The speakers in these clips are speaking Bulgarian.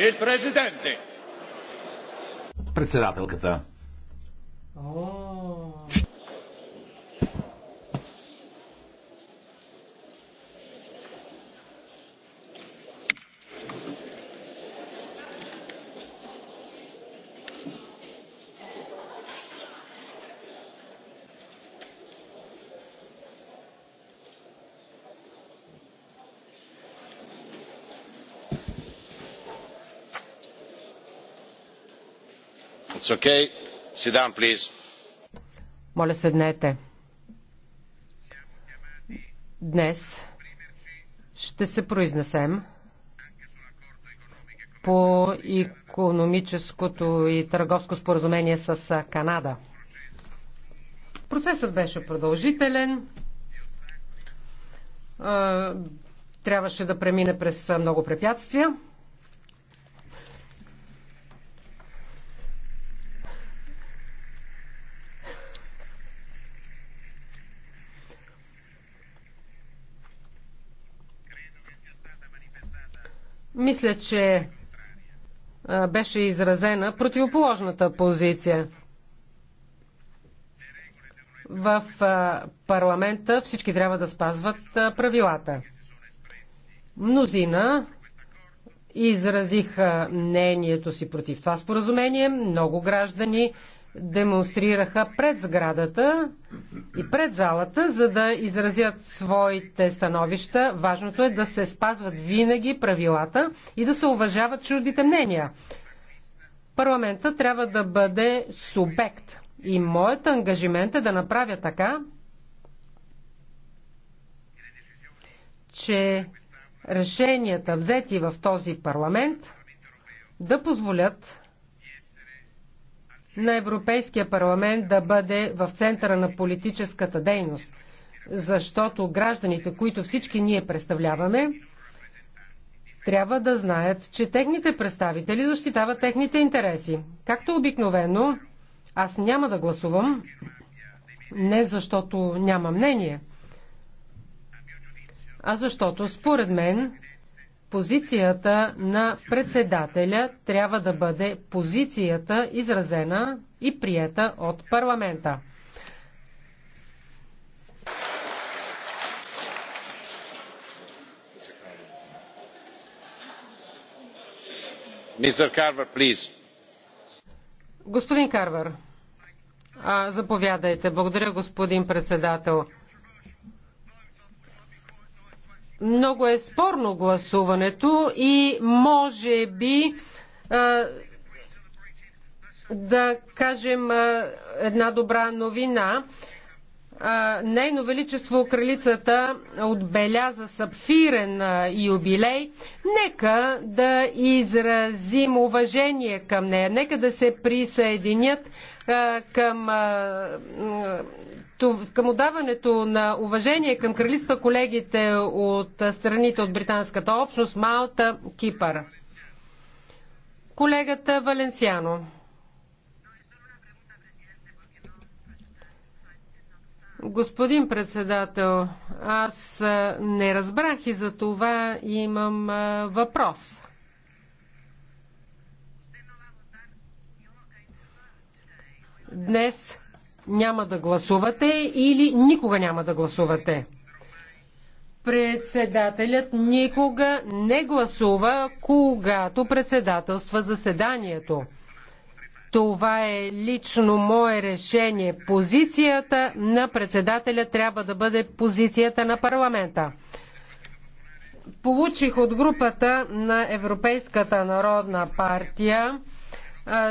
Il Presidente. Председателката. Oh. Моля, седнете. Днес ще се произнесем по економическото и търговско споразумение с Канада. Процесът беше продължителен. Трябваше да премине през много препятствия. Мисля, че беше изразена противоположната позиция. В парламента всички трябва да спазват правилата. Мнозина изразиха мнението си против това споразумение. Много граждани демонстрираха пред сградата и пред залата, за да изразят своите становища. Важното е да се спазват винаги правилата и да се уважават чуждите мнения. Парламента трябва да бъде субект. И моят ангажимент е да направя така, че решенията, взети в този парламент, да позволят на Европейския парламент да бъде в центъра на политическата дейност, защото гражданите, които всички ние представляваме, трябва да знаят, че техните представители защитават техните интереси. Както обикновено, аз няма да гласувам, не защото няма мнение, а защото според мен Позицията на председателя трябва да бъде позицията изразена и приета от парламента. господин карвер заповядайте. благодаря господин председател. Много е спорно гласуването и може би да кажем една добра новина. Нейно Величество Кралицата отбеляза сапфирен юбилей. Нека да изразим уважение към нея. Нека да се присъединят към, към отдаването на уважение към кралицата колегите от страните от британската общност Малта, Кипър. Колегата Валенсиано. Господин председател, аз не разбрах и за това имам въпрос. Днес няма да гласувате или никога няма да гласувате? Председателят никога не гласува, когато председателства заседанието. Това е лично мое решение. Позицията на председателя трябва да бъде позицията на парламента. Получих от групата на Европейската народна партия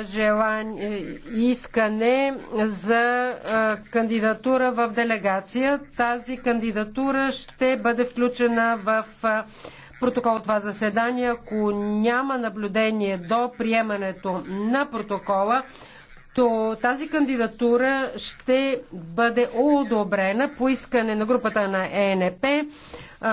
желание, искане за кандидатура в делегация. Тази кандидатура ще бъде включена в протокол от това заседание. Ако няма наблюдение до приемането на протокола, то тази кандидатура ще бъде одобрена по искане на групата на ЕНП.